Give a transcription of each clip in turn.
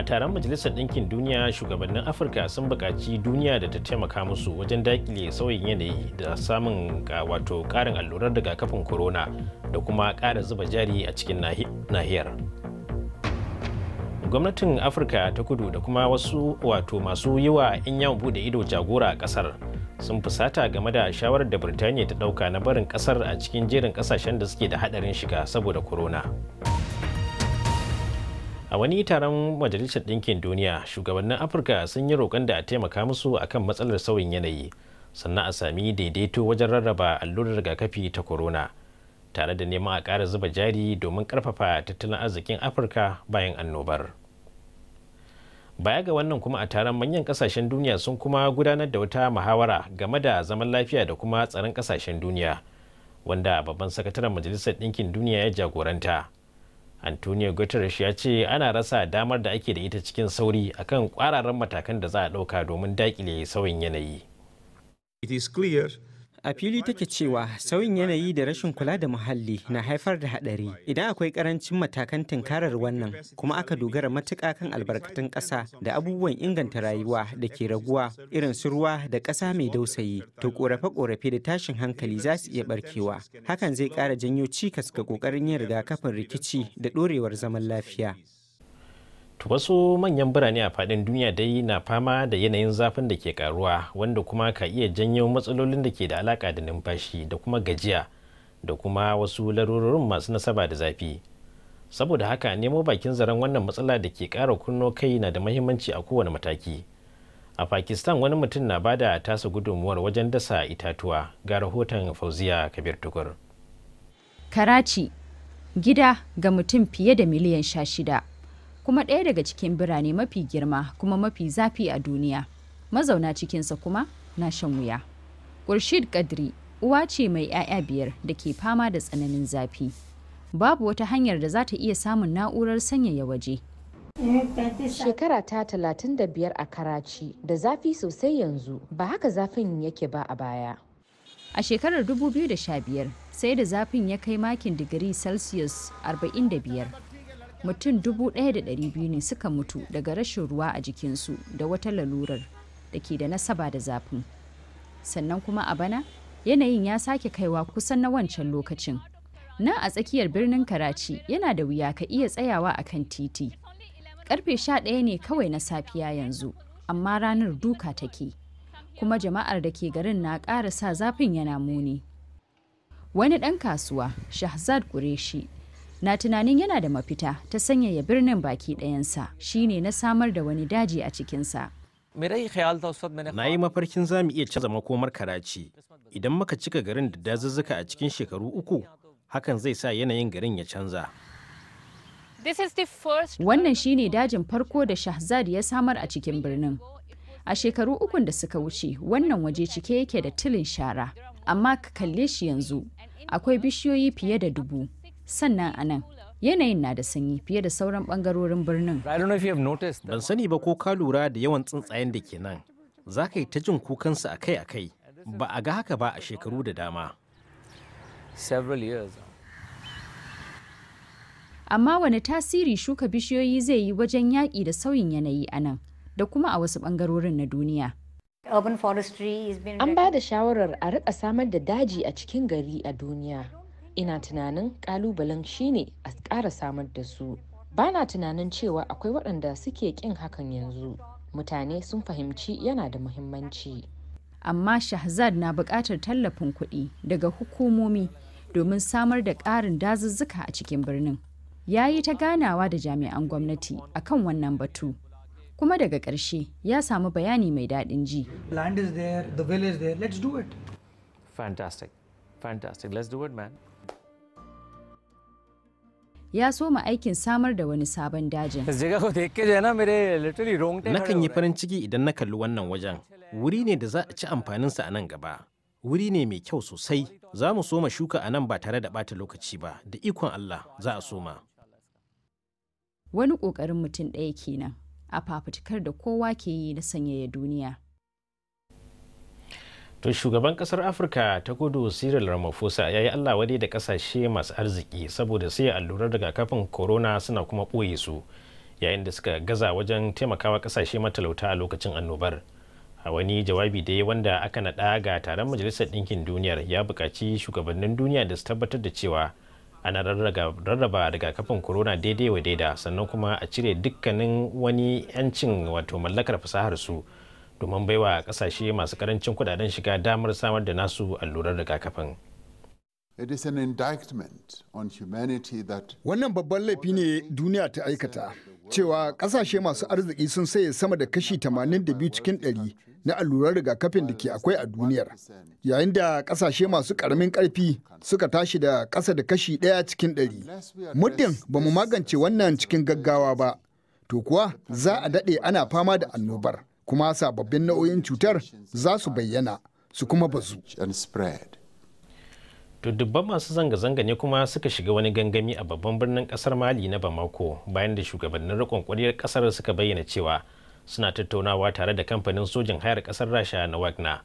a taron majalisar ɗinkin duniya shugabannin afirka sun buƙaci duniya da ta taimaka musu wajen daƙile sauyin yanayi da samun wato ƙarin allurar rigakafin corona da kuma ƙara zuba jari a cikin nahiyar gwamnatin afirka ta kudu da kuma wasu wato masu yi wa 'yan yawon bude ido jagora a ƙasar sun fusata game da shawarar da birtaniya ta ɗauka na barin ƙasar a cikin jerin ƙasashen da suke da haɗarin shiga saboda corona. a wani taron majalisar ɗinkin duniya shugabannin afirka sun yi roƙon da a taimaka musu akan matsalar sauyin yanayi sannan a sami daidaito wajen rarraba allurar rigakafi ta corona tare da neman a ƙara zuba jari domin ƙarfafa tattalin arzikin afirka bayan annobar baya ga wannan kuma a taron manyan ƙasashen duniya sun kuma gudanar da wata muhawara game da zaman lafiya da kuma tsaron ƙasashen duniya wanda babban sakataren majalisar ɗinkin duniya ya jagoranta antonio guterres ya ce ana rasa damar da ake da ita cikin sauri akan kwararan matakan da za a dauka domin daƙile sauyin yanayi it is clear A fili take cewa sauyin yanayi da rashin kula da muhalli na haifar da haɗari idan akwai ƙarancin matakan tunkarar wannan kuma aka dogara matuƙa kan albarkatun ƙasa da abubuwan inganta rayuwa da ke raguwa irin su ruwa da ƙasa mai dausayi to ƙorafe-ƙorafe da tashin hankali za su iya barkewa. Hakan zai ƙara janyo cikas ga ƙoƙarin yin rigakafin rikici da ɗorewar zaman lafiya. wasu manyan birane a fadin duniya dai na fama da yanayin zafin da ke karuwa wanda kuma ka iya janyo matsalolin da ke da alaka da numfashi da kuma gajiya da kuma wasu larurorin masu nasaba da zafi saboda haka nemo bakin zaren wannan matsala da ke ƙara kunno kai na da mahimmanci a kowane mataki a pakistan wani mutum na bada tasa gudunmuwar wajen dasa itatuwa ga rahoton fauziya kabir tukur karachi gida ga mutum fiye da miliyan sha shida kuma ɗaya daga cikin birane mafi girma kuma mafi zafi a duniya mazauna cikinsa kuma na shan wuya Khurshid Kadri uwa ce mai 'ya'ya biyar da ke fama da tsananin zafi babu wata hanyar da za ta iya samun na'urar sanyaya waje Shekara ta talatin da biyar a karaci, da zafi sosai yanzu ba haka zafin yake ba a baya. A shekarar 2015 sai da zafin ya kai makin digiri Celsius 45 mutum 1,200 ne suka mutu daga rashin ruwa a jikinsu da wata lalurar da ke da nasaba da zafin sannan kuma a bana yanayin ya sake kaiwa kusan na wancan lokacin nan a tsakiyar birnin karachi yana da wuya ka iya tsayawa a kan titi karfe sha ɗaya ne kawai na safiya yanzu amma ranar duka take kuma jama'ar da ke garin na ƙara sa zafin yana muni wani ɗan kasuwa shahzad kureshi na tunanin yana da mafita ta sanyaya birnin baki ɗayansa shine na samar da wani daji a cikinsa. Na yi mafarkin za mu iya canza makomar karaci idan muka cika garin da dazuzzuka a cikin shekaru uku hakan zai sa yanayin garin ya canza. Wannan shine dajin farko da Shahzad ya samar a cikin birnin. A shekaru ukun da suka wuce wannan waje cike yake da tilin shara amma ka kalle shi yanzu akwai bishiyoyi fiye da dubu. sannan a nan yanayin na da sanyi fiye da sauran bangarorin birnin. Ban sani ba ko ka lura da yawan tsuntsayen da ke nan, za ka yi ta jin kukansu akai-akai, ba a ga haka ba a shekaru da dama. Amma wani tasiri shuka bishiyoyi zai yi wajen yaƙi da sauyin yanayi a nan, da kuma a wasu bangarorin na duniya. An ba da shawarar a riƙa samar da daji a cikin gari a duniya. ina tunanin kalubalen shine a ƙara samar da su bana tunanin cewa akwai waɗanda suke ƙin hakan yanzu mutane sun fahimci yana da muhimmanci amma shahzad na buƙatar tallafin kuɗi daga hukumomi domin samar da ƙarin dazuzzuka a cikin birnin ya yi ta ganawa da jami'an gwamnati akan wannan batu kuma daga ƙarshe ya samu bayani mai daɗin ji fantastic ya soma aikin samar da wani sabon dajin. Nakan yi farin ciki idan na kalli wannan wajen. Wuri ne da za a ci amfaninsa a nan gaba. Wuri ne mai kyau sosai. Za mu soma shuka a nan ba tare da bata lokaci ba. Da ikon Allah za a soma. Wani ƙoƙarin mutum ɗaya kenan a fafutukar da kowa ke yi na sanyaya duniya. to shugaban kasar afirka ta kudu cyril ramaphosa ya yi allah wadai da kasashe masu arziki saboda sai allurar rigakafin corona suna kuma ɓoye su yayin da suka gaza wajen taimakawa kasashe matalauta a lokacin annobar a wani jawabi dai wanda aka naɗa ga taron majalisar ɗinkin duniyar ya buƙaci shugabannin duniya da su tabbatar da cewa ana rarraba rigakafin corona daidai wa daida sannan kuma a cire dukkanin wani 'yancin wato mallakar fasahar su domin baiwa kasashe masu karancin kudaden shiga damar samar da nasu allurar rigakafin. It is on humanity that Wannan babban laifi ne duniya ta aikata cewa kasashe masu arziki sun saye sama da kashi 82 cikin 100 na allurar rigakafin da ke akwai a duniyar yayin da kasashe masu karamin karfi suka tashi da kasa da kashi 1 cikin 100 muddin ba mu magance wannan cikin gaggawa ba to kuwa za a daɗe ana fama da annobar kuma sababbin nau'in cutar za su bayyana su kuma bazu. To dubban masu zanga-zanga ne kuma suka shiga wani gangami a babban birnin kasar Mali na Bamako bayan da shugabannin rikon kwariyar kasar suka bayyana cewa suna tattaunawa tare da kamfanin sojin hayar kasar Rasha na Wagner.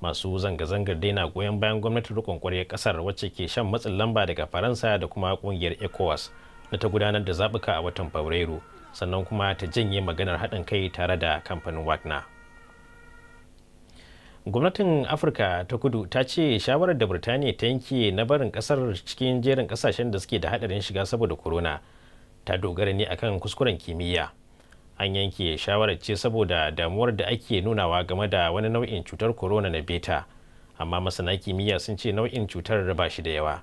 Masu zanga-zangar na goyon bayan gwamnatin rikon kwariyar kasar wacce ke shan matsin lamba daga Faransa da kuma kungiyar ECOWAS na ta gudanar da zabuka a watan Fabrairu. sannan kuma ta janye maganar haɗin kai tare da kamfanin wagner gwamnatin afirka ta kudu ta ce shawarar da birtaniya ta yanke na barin kasar cikin jerin kasashen da suke da haɗarin shiga saboda corona ta dogara ne akan kuskuren kimiyya an yanke shawarar ce saboda damuwar da ake nunawa game da wani nau'in cutar corona na beta amma masana kimiyya sun ce nau'in cutar ba shi da yawa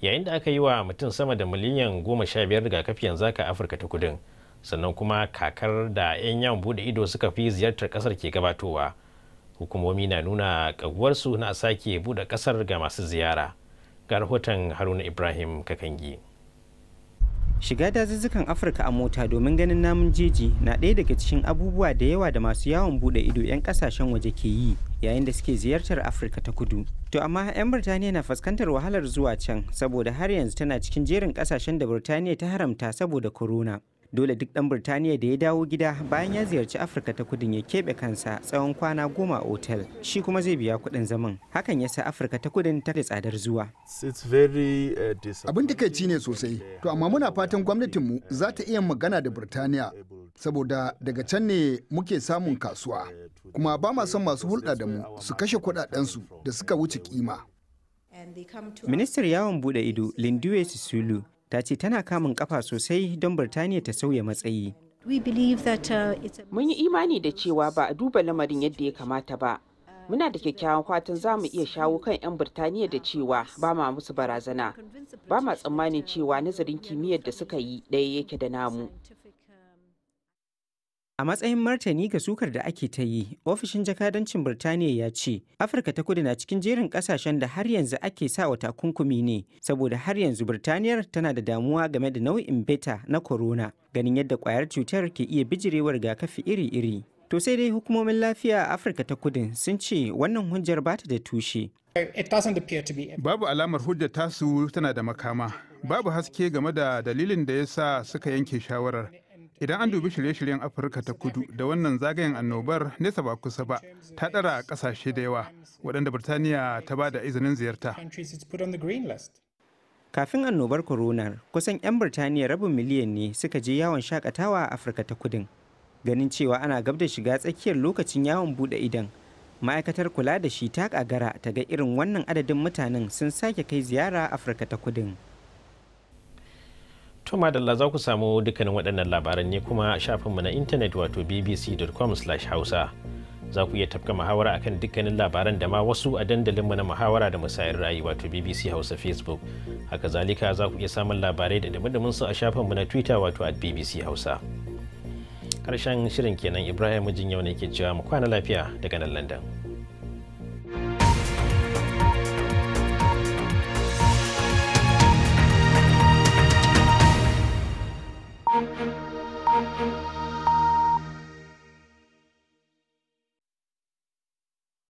yayin da aka yi wa mutum sama da miliyan goma sha biyar rigakafi yanzu haka afirka ta kudin sannan kuma kakar da 'yan yawon bude ido suka fi ziyartar kasar ke gabatowa hukumomi na nuna kaguwarsu na sake bude kasar ga masu ziyara ga rahoton haruna ibrahim kakangi shiga dazuzzukan afirka a mota domin ganin namun jeji na ɗaya daga cikin abubuwa da yawa da masu yawon bude ido 'yan kasashen waje ke yi yayin da suke ziyartar afirka ta kudu to amma 'yan birtaniya na fuskantar wahalar zuwa can saboda har yanzu tana cikin jerin kasashen da birtaniya ta haramta saboda corona dole duk ɗan birtaniya da ya dawo gida bayan ya ziyarci afirka ta kudin ya keɓe kansa tsawon kwana goma a otel shi kuma zai biya kuɗin zaman hakan ya sa afirka ta kudin ta da tsadar zuwa uh, abin takaici ne sosai to amma muna fatan gwamnatinmu za ta iya magana da birtaniya saboda daga can ne muke samun kasuwa kuma ba ma son masu hulɗa da mu su kashe kuɗaɗensu da suka wuce kima ministar yawon buɗe ido lindiwe sisulu ta ce tana kamun kafa sosai don Birtaniya ta sauya matsayi. Uh, Mun yi imani da cewa ba a duba lamarin yadda ya kamata ba. Muna da kyakkyawan fatan za mu iya shawo kan 'yan Birtaniya da cewa ba ma musu barazana. Ba ma tsammanin cewa nazarin kimiyyar da suka yi ɗaya yake da namu. A matsayin martani ga sukar da ake ta yi, ofishin jakadancin Birtaniya ya ce, Afirka ta kudu na cikin jerin kasashen da har yanzu ake sa wa takunkumi ne, saboda har yanzu Birtaniyar tana da damuwa game da nau'in beta na corona, ganin yadda kwayar cutar ke iya bijirewar ga kafi iri-iri. To sai dai hukumomin lafiya a Afirka ta kudin sun ce wannan hujjar ba ta da tushe. Babu alamar hujjar tasu tana da makama. Babu haske game da dalilin da ya sa suka yanke shawarar. idan an dubi shirye-shiryen afirka ta kudu da wannan zagayen annobar nesa ba kusa ba ta dara kasashe da yawa waɗanda birtaniya ta ba da izinin ziyarta kafin annobar corona kusan 'yan birtaniya rabin miliyan ne suka je yawon shakatawa a afirka ta kudin ganin cewa ana gab da shiga tsakiyar lokacin yawon bude idan ma'aikatar kula da shi ta kagara ta ga irin wannan adadin mutanen sun sake kai ziyara afirka ta kudin To madalla za ku samu dukkanin waɗannan labaran ne kuma shafinmu na intanet wato bbc.com/hausa. Za ku iya tafka muhawara akan dukkanin labaran da ma wasu a dandalinmu na muhawara da musayar rayu wato BBC Hausa Facebook. Haka zalika za ku iya samun labarai da dumudumin su a shafinmu na Twitter wato at BBC Hausa. Karshen shirin kenan Ibrahim Mijin yau ne ke cewa mu kwana lafiya daga nan London.